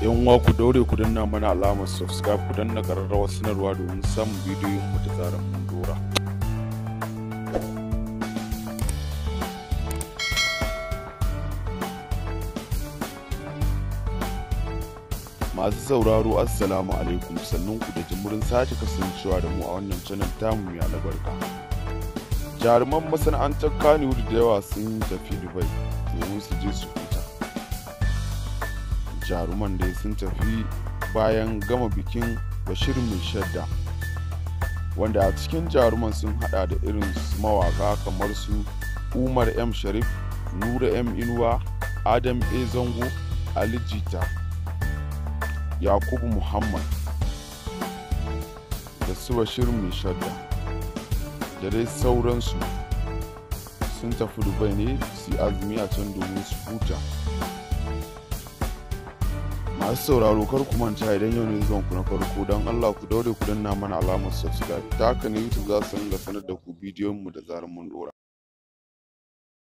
yan uwa ku daure ku danna mana alamar subscribe ku danna kararrawar sanarwa domin samun bidiyon mu da zarar mun dora masu sauraro assalamu alaikum sannan ku da jimurin sake kasancewa da mu a wannan channel tamu mai albarka jaruman masana'antar kanewood da yawa sun tafi dubai domin su je su jaruman dai sun tafi bayan gama bikin bashir mai shadda wanda a cikin jaruman sun hada da irin mawaka kamar su umar m sharif nura m inuwa adam a zango ali jita yakubu muhammad da su bashir mai shadda da dai sauransu sun tafi dubai ne su azumi a can domin su huta masu sauraro kar ku manta idan yau ne zuwan ku na farko don Allah ku daure ku danna mana alamar subscribe ta haka ne YouTube za su ringa sanar da ku bidiyon mu da zarar mun dora